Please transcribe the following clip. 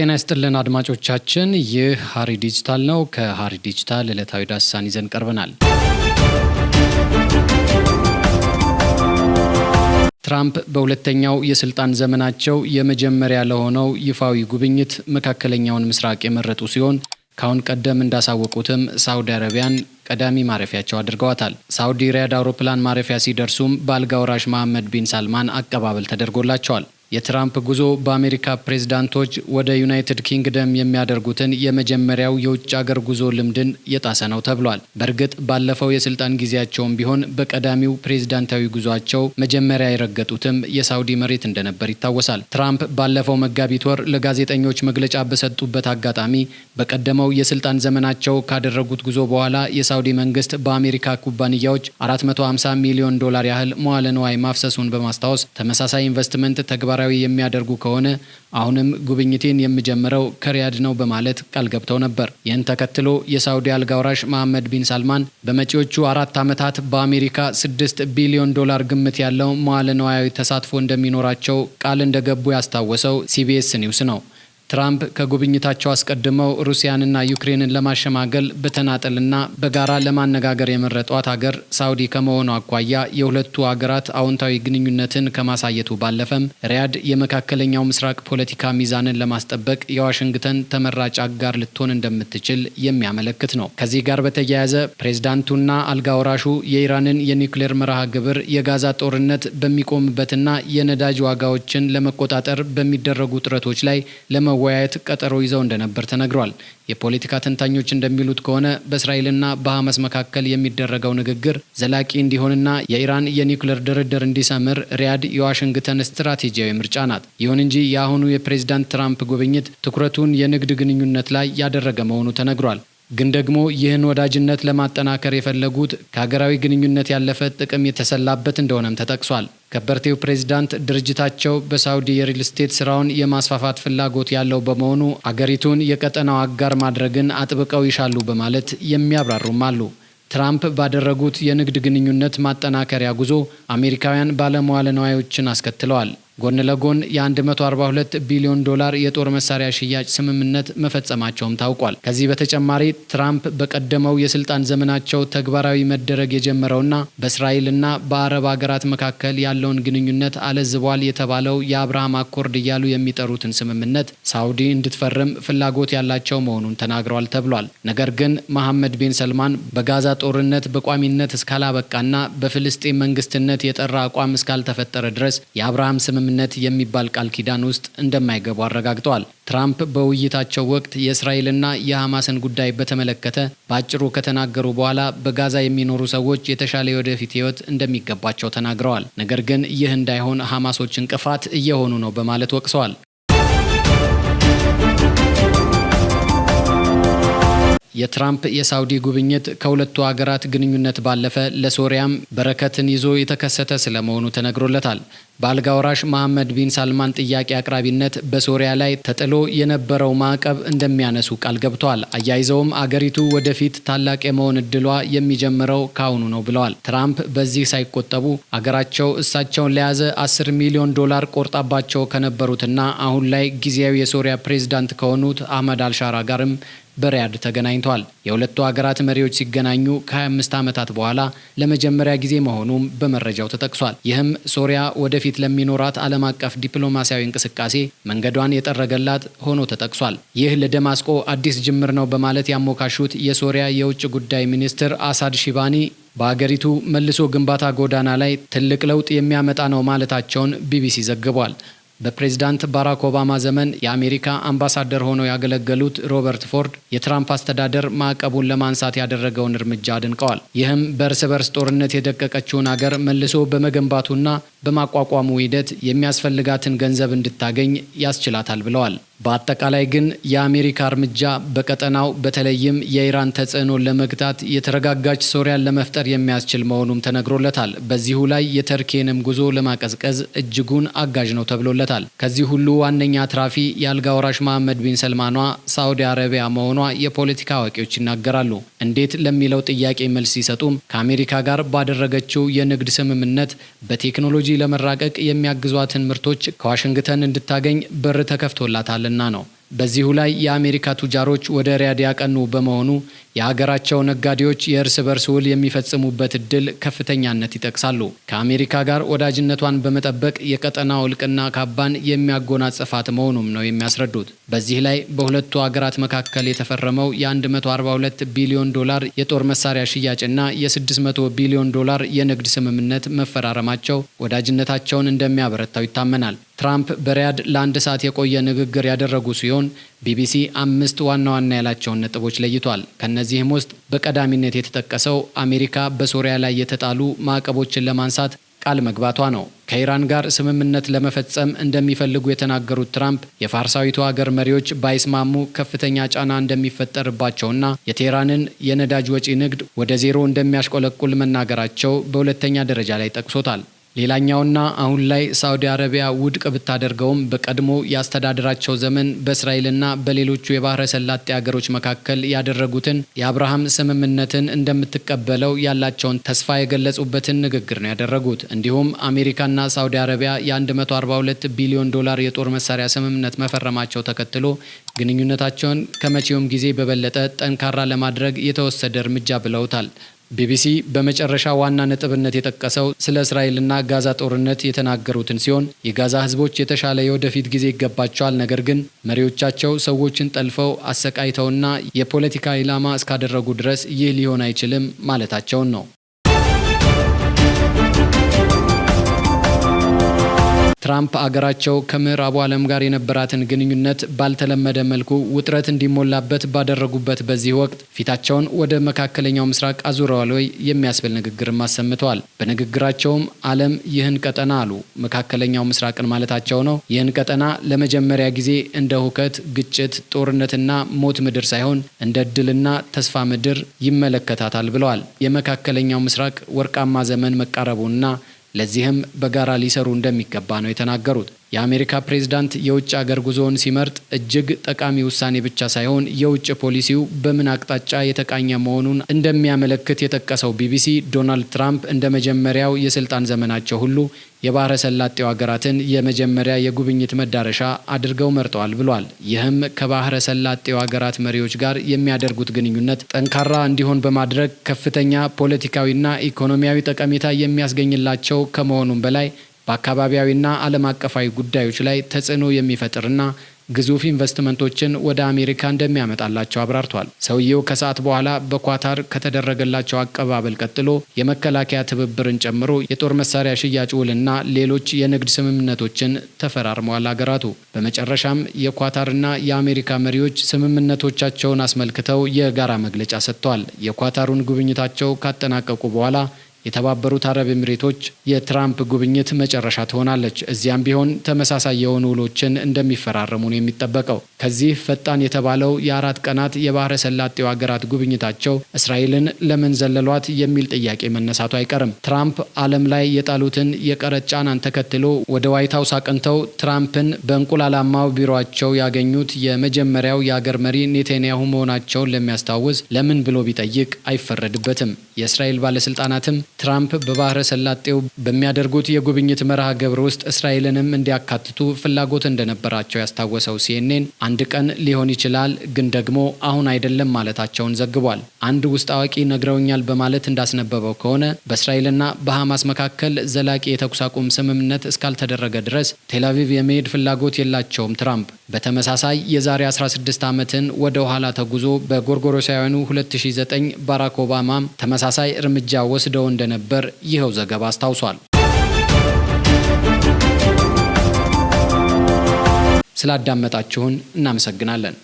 ጤና ይስጥልን አድማጮቻችን፣ ይህ ሓሪ ዲጂታል ነው። ከሓሪ ዲጂታል ዕለታዊ ዳሳን ይዘን ቀርበናል። ትራምፕ በሁለተኛው የስልጣን ዘመናቸው የመጀመሪያ ለሆነው ይፋዊ ጉብኝት መካከለኛውን ምስራቅ የመረጡ ሲሆን ካሁን ቀደም እንዳሳወቁትም ሳውዲ አረቢያን ቀዳሚ ማረፊያቸው አድርገዋታል። ሳውዲ ሪያድ አውሮፕላን ማረፊያ ሲደርሱም በአልጋ ወራሽ መሐመድ ቢን ሳልማን አቀባበል ተደርጎላቸዋል። የትራምፕ ጉዞ በአሜሪካ ፕሬዝዳንቶች ወደ ዩናይትድ ኪንግደም የሚያደርጉትን የመጀመሪያው የውጭ አገር ጉዞ ልምድን የጣሰ ነው ተብሏል። በእርግጥ ባለፈው የስልጣን ጊዜያቸውም ቢሆን በቀዳሚው ፕሬዝዳንታዊ ጉዟቸው መጀመሪያ የረገጡትም የሳውዲ መሬት እንደነበር ይታወሳል። ትራምፕ ባለፈው መጋቢት ወር ለጋዜጠኞች መግለጫ በሰጡበት አጋጣሚ በቀደመው የስልጣን ዘመናቸው ካደረጉት ጉዞ በኋላ የሳውዲ መንግስት በአሜሪካ ኩባንያዎች 450 ሚሊዮን ዶላር ያህል መዋለ ንዋይ ማፍሰሱን በማስታወስ ተመሳሳይ ኢንቨስትመንት ተግባራዊ ተግባራዊ የሚያደርጉ ከሆነ አሁንም ጉብኝቴን የምጀምረው ከሪያድ ነው በማለት ቃል ገብተው ነበር። ይህን ተከትሎ የሳውዲ አልጋ መሐመድ ቢን ሳልማን በመጪዎቹ አራት ዓመታት በአሜሪካ ስድስት ቢሊዮን ዶላር ግምት ያለው መዋለ ነዋያዊ ተሳትፎ እንደሚኖራቸው ቃል እንደገቡ ያስታወሰው ሲቢኤስ ኒውስ ነው። ትራምፕ ከጉብኝታቸው አስቀድመው ሩሲያንና ዩክሬንን ለማሸማገል በተናጠልና በጋራ ለማነጋገር የመረጧት ሀገር ሳውዲ ከመሆኑ አኳያ የሁለቱ አገራት አዎንታዊ ግንኙነትን ከማሳየቱ ባለፈም ሪያድ የመካከለኛው ምስራቅ ፖለቲካ ሚዛንን ለማስጠበቅ የዋሽንግተን ተመራጭ አጋር ልትሆን እንደምትችል የሚያመለክት ነው። ከዚህ ጋር በተያያዘ ፕሬዝዳንቱና አልጋ ወራሹ የኢራንን የኒውክሌር መርሃ ግብር የጋዛ ጦርነት በሚቆምበትና የነዳጅ ዋጋዎችን ለመቆጣጠር በሚደረጉ ጥረቶች ላይ ለመ ለመወያየት ቀጠሮ ይዘው እንደነበር ተነግሯል። የፖለቲካ ተንታኞች እንደሚሉት ከሆነ በእስራኤልና በሐማስ መካከል የሚደረገው ንግግር ዘላቂ እንዲሆንና የኢራን የኒውክሌር ድርድር እንዲሰምር ሪያድ የዋሽንግተን ስትራቴጂያዊ ምርጫ ናት። ይሁን እንጂ የአሁኑ የፕሬዚዳንት ትራምፕ ጉብኝት ትኩረቱን የንግድ ግንኙነት ላይ ያደረገ መሆኑ ተነግሯል። ግን ደግሞ ይህን ወዳጅነት ለማጠናከር የፈለጉት ከሀገራዊ ግንኙነት ያለፈ ጥቅም የተሰላበት እንደሆነም ተጠቅሷል። ከበርቴው ፕሬዚዳንት ድርጅታቸው በሳውዲ የሪል ስቴት ስራውን የማስፋፋት ፍላጎት ያለው በመሆኑ አገሪቱን የቀጠናው አጋር ማድረግን አጥብቀው ይሻሉ በማለት የሚያብራሩም አሉ። ትራምፕ ባደረጉት የንግድ ግንኙነት ማጠናከሪያ ጉዞ አሜሪካውያን ባለመዋለ ነዋዮችን አስከትለዋል። ጎን ለጎን የ142 ቢሊዮን ዶላር የጦር መሳሪያ ሽያጭ ስምምነት መፈጸማቸውም ታውቋል። ከዚህ በተጨማሪ ትራምፕ በቀደመው የስልጣን ዘመናቸው ተግባራዊ መደረግ የጀመረውና በእስራኤልና በአረብ ሀገራት መካከል ያለውን ግንኙነት አለዝቧል የተባለው የአብርሃም አኮርድ እያሉ የሚጠሩትን ስምምነት ሳውዲ እንድትፈርም ፍላጎት ያላቸው መሆኑን ተናግረዋል ተብሏል። ነገር ግን መሐመድ ቢን ሰልማን በጋዛ ጦርነት በቋሚነት እስካላበቃና በፍልስጤን መንግስትነት የጠራ አቋም እስካልተፈጠረ ድረስ የአብርሃም ስምምነት ስምምነት የሚባል ቃል ኪዳን ውስጥ እንደማይገቡ አረጋግጠዋል። ትራምፕ በውይይታቸው ወቅት የእስራኤልና የሐማስን ጉዳይ በተመለከተ በአጭሩ ከተናገሩ በኋላ በጋዛ የሚኖሩ ሰዎች የተሻለ የወደፊት ሕይወት እንደሚገባቸው ተናግረዋል። ነገር ግን ይህ እንዳይሆን ሐማሶች እንቅፋት እየሆኑ ነው በማለት ወቅሰዋል። የትራምፕ የሳውዲ ጉብኝት ከሁለቱ ሀገራት ግንኙነት ባለፈ ለሶሪያም በረከትን ይዞ የተከሰተ ስለመሆኑ ተነግሮለታል። በአልጋ ወራሽ መሐመድ ቢን ሳልማን ጥያቄ አቅራቢነት በሶሪያ ላይ ተጥሎ የነበረው ማዕቀብ እንደሚያነሱ ቃል ገብቷል። አያይዘውም አገሪቱ ወደፊት ታላቅ የመሆን እድሏ የሚጀምረው ካሁኑ ነው ብለዋል። ትራምፕ በዚህ ሳይቆጠቡ አገራቸው እሳቸውን ለያዘ 10 ሚሊዮን ዶላር ቆርጣባቸው ከነበሩትና አሁን ላይ ጊዜያዊ የሶሪያ ፕሬዝዳንት ከሆኑት አህመድ አልሻራ ጋርም በሪያድ ተገናኝተዋል። የሁለቱ ሀገራት መሪዎች ሲገናኙ ከ25 ዓመታት በኋላ ለመጀመሪያ ጊዜ መሆኑም በመረጃው ተጠቅሷል። ይህም ሶሪያ ወደፊት ወደፊት ለሚኖራት ዓለም አቀፍ ዲፕሎማሲያዊ እንቅስቃሴ መንገዷን የጠረገላት ሆኖ ተጠቅሷል። ይህ ለደማስቆ አዲስ ጅምር ነው በማለት ያሞካሹት የሶሪያ የውጭ ጉዳይ ሚኒስትር አሳድ ሺባኒ በአገሪቱ መልሶ ግንባታ ጎዳና ላይ ትልቅ ለውጥ የሚያመጣ ነው ማለታቸውን ቢቢሲ ዘግቧል። በፕሬዝዳንት ባራክ ኦባማ ዘመን የአሜሪካ አምባሳደር ሆነው ያገለገሉት ሮበርት ፎርድ የትራምፕ አስተዳደር ማዕቀቡን ለማንሳት ያደረገውን እርምጃ አድንቀዋል። ይህም በእርስ በርስ ጦርነት የደቀቀችውን አገር መልሶ በመገንባቱና በማቋቋሙ ሂደት የሚያስፈልጋትን ገንዘብ እንድታገኝ ያስችላታል ብለዋል። በአጠቃላይ ግን የአሜሪካ እርምጃ በቀጠናው በተለይም የኢራን ተጽዕኖን ለመግታት የተረጋጋች ሶሪያን ለመፍጠር የሚያስችል መሆኑም ተነግሮለታል። በዚሁ ላይ የተርኬንም ጉዞ ለማቀዝቀዝ እጅጉን አጋዥ ነው ተብሎለታል። ከዚህ ሁሉ ዋነኛ አትራፊ የአልጋ ወራሽ መሐመድ ቢን ሰልማኗ ሳዑዲ አረቢያ መሆኗ የፖለቲካ አዋቂዎች ይናገራሉ። እንዴት ለሚለው ጥያቄ መልስ ሲሰጡም ከአሜሪካ ጋር ባደረገችው የንግድ ስምምነት በቴክኖሎጂ ለመራቀቅ የሚያግዟትን ምርቶች ከዋሽንግተን እንድታገኝ በር ተከፍቶላታል ተደርጓልና ነው። በዚሁ ላይ የአሜሪካ ቱጃሮች ወደ ሪያድ ያቀኑ በመሆኑ የሀገራቸው ነጋዴዎች የእርስ በርስ ውል የሚፈጽሙበት እድል ከፍተኛነት ይጠቅሳሉ። ከአሜሪካ ጋር ወዳጅነቷን በመጠበቅ የቀጠና ውልቅና ካባን የሚያጎናጽፋት መሆኑም ነው የሚያስረዱት። በዚህ ላይ በሁለቱ ሀገራት መካከል የተፈረመው የ142 ቢሊዮን ዶላር የጦር መሳሪያ ሽያጭና የ600 ቢሊዮን ዶላር የንግድ ስምምነት መፈራረማቸው ወዳጅነታቸውን እንደሚያበረታው ይታመናል። ትራምፕ በሪያድ ለአንድ ሰዓት የቆየ ንግግር ያደረጉ ሲሆን ቢቢሲ አምስት ዋና ዋና ያላቸውን ነጥቦች ለይቷል። ከዚህም ውስጥ በቀዳሚነት የተጠቀሰው አሜሪካ በሶሪያ ላይ የተጣሉ ማዕቀቦችን ለማንሳት ቃል መግባቷ ነው። ከኢራን ጋር ስምምነት ለመፈጸም እንደሚፈልጉ የተናገሩት ትራምፕ የፋርሳዊቱ ሀገር መሪዎች ባይስማሙ ከፍተኛ ጫና እንደሚፈጠርባቸውና የቴህራንን የነዳጅ ወጪ ንግድ ወደ ዜሮ እንደሚያሽቆለቁል መናገራቸው በሁለተኛ ደረጃ ላይ ጠቅሶታል። ሌላኛውና አሁን ላይ ሳዑዲ አረቢያ ውድቅ ብታደርገውም በቀድሞ የአስተዳደራቸው ዘመን በእስራኤልና በሌሎቹ የባህረ ሰላጤ ሀገሮች መካከል ያደረጉትን የአብርሃም ስምምነትን እንደምትቀበለው ያላቸውን ተስፋ የገለጹበትን ንግግር ነው ያደረጉት። እንዲሁም አሜሪካና ሳዑዲ አረቢያ የ142 ቢሊዮን ዶላር የጦር መሳሪያ ስምምነት መፈረማቸው ተከትሎ ግንኙነታቸውን ከመቼውም ጊዜ በበለጠ ጠንካራ ለማድረግ የተወሰደ እርምጃ ብለውታል። ቢቢሲ በመጨረሻ ዋና ነጥብነት የጠቀሰው ስለ እስራኤልና ጋዛ ጦርነት የተናገሩትን ሲሆን የጋዛ ህዝቦች የተሻለ የወደፊት ጊዜ ይገባቸዋል፣ ነገር ግን መሪዎቻቸው ሰዎችን ጠልፈው አሰቃይተውና የፖለቲካ ኢላማ እስካደረጉ ድረስ ይህ ሊሆን አይችልም ማለታቸውን ነው። ትራምፕ አገራቸው ከምዕራቡ ዓለም ጋር የነበራትን ግንኙነት ባልተለመደ መልኩ ውጥረት እንዲሞላበት ባደረጉበት በዚህ ወቅት ፊታቸውን ወደ መካከለኛው ምስራቅ አዙረዋል ወይ የሚያስብል ንግግርም አሰምተዋል። በንግግራቸውም ዓለም ይህን ቀጠና አሉ መካከለኛው ምስራቅን ማለታቸው ነው። ይህን ቀጠና ለመጀመሪያ ጊዜ እንደ ሁከት፣ ግጭት፣ ጦርነትና ሞት ምድር ሳይሆን እንደ ድልና ተስፋ ምድር ይመለከታታል ብለዋል። የመካከለኛው ምስራቅ ወርቃማ ዘመን መቃረቡና ለዚህም በጋራ ሊሰሩ እንደሚገባ ነው የተናገሩት። የአሜሪካ ፕሬዝዳንት የውጭ አገር ጉዞውን ሲመርጥ እጅግ ጠቃሚ ውሳኔ ብቻ ሳይሆን የውጭ ፖሊሲው በምን አቅጣጫ የተቃኘ መሆኑን እንደሚያመለክት የጠቀሰው ቢቢሲ ዶናልድ ትራምፕ እንደ መጀመሪያው የስልጣን ዘመናቸው ሁሉ የባህረ ሰላጤው ሀገራትን የመጀመሪያ የጉብኝት መዳረሻ አድርገው መርጠዋል ብሏል። ይህም ከባሕረ ሰላጤው ሀገራት መሪዎች ጋር የሚያደርጉት ግንኙነት ጠንካራ እንዲሆን በማድረግ ከፍተኛ ፖለቲካዊና ኢኮኖሚያዊ ጠቀሜታ የሚያስገኝላቸው ከመሆኑም በላይ በአካባቢያዊና ዓለም አቀፋዊ ጉዳዮች ላይ ተጽዕኖ የሚፈጥርና ግዙፍ ኢንቨስትመንቶችን ወደ አሜሪካ እንደሚያመጣላቸው አብራርቷል። ሰውየው ከሰዓት በኋላ በኳታር ከተደረገላቸው አቀባበል ቀጥሎ የመከላከያ ትብብርን ጨምሮ የጦር መሳሪያ ሽያጭ ውልና ሌሎች የንግድ ስምምነቶችን ተፈራርመዋል አገራቱ። በመጨረሻም የኳታርና የአሜሪካ መሪዎች ስምምነቶቻቸውን አስመልክተው የጋራ መግለጫ ሰጥተዋል። የኳታሩን ጉብኝታቸው ካጠናቀቁ በኋላ የተባበሩት አረብ ኤምሬቶች የትራምፕ ጉብኝት መጨረሻ ትሆናለች። እዚያም ቢሆን ተመሳሳይ የሆኑ ውሎችን እንደሚፈራረሙ ነው የሚጠበቀው። ከዚህ ፈጣን የተባለው የአራት ቀናት የባህረ ሰላጤው ሀገራት ጉብኝታቸው እስራኤልን ለምን ዘለሏት የሚል ጥያቄ መነሳቱ አይቀርም። ትራምፕ ዓለም ላይ የጣሉትን የቀረጥ ጫናን ተከትሎ ወደ ዋይት ሀውስ አቅንተው ትራምፕን በእንቁላላማው ቢሮቸው ያገኙት የመጀመሪያው የአገር መሪ ኔቴንያሁ መሆናቸውን ለሚያስታውስ ለምን ብሎ ቢጠይቅ አይፈረድበትም። የእስራኤል ባለስልጣናትም ትራምፕ በባህረ ሰላጤው በሚያደርጉት የጉብኝት መርሃ ግብር ውስጥ እስራኤልንም እንዲያካትቱ ፍላጎት እንደነበራቸው ያስታወሰው ሲኤንኤን አንድ ቀን ሊሆን ይችላል፣ ግን ደግሞ አሁን አይደለም ማለታቸውን ዘግቧል። አንድ ውስጥ አዋቂ ነግረውኛል በማለት እንዳስነበበው ከሆነ በእስራኤልና በሐማስ መካከል ዘላቂ የተኩስ አቁም ስምምነት እስካልተደረገ ድረስ ቴላቪቭ የመሄድ ፍላጎት የላቸውም ትራምፕ። በተመሳሳይ የዛሬ 16 ዓመትን ወደ ኋላ ተጉዞ በጎርጎሮሳውያኑ 2009 ባራክ ኦባማም ተመሳሳይ እርምጃ ወስደው እንደ እንደነበር ይኸው ዘገባ አስታውሷል። ስላዳመጣችሁን እናመሰግናለን።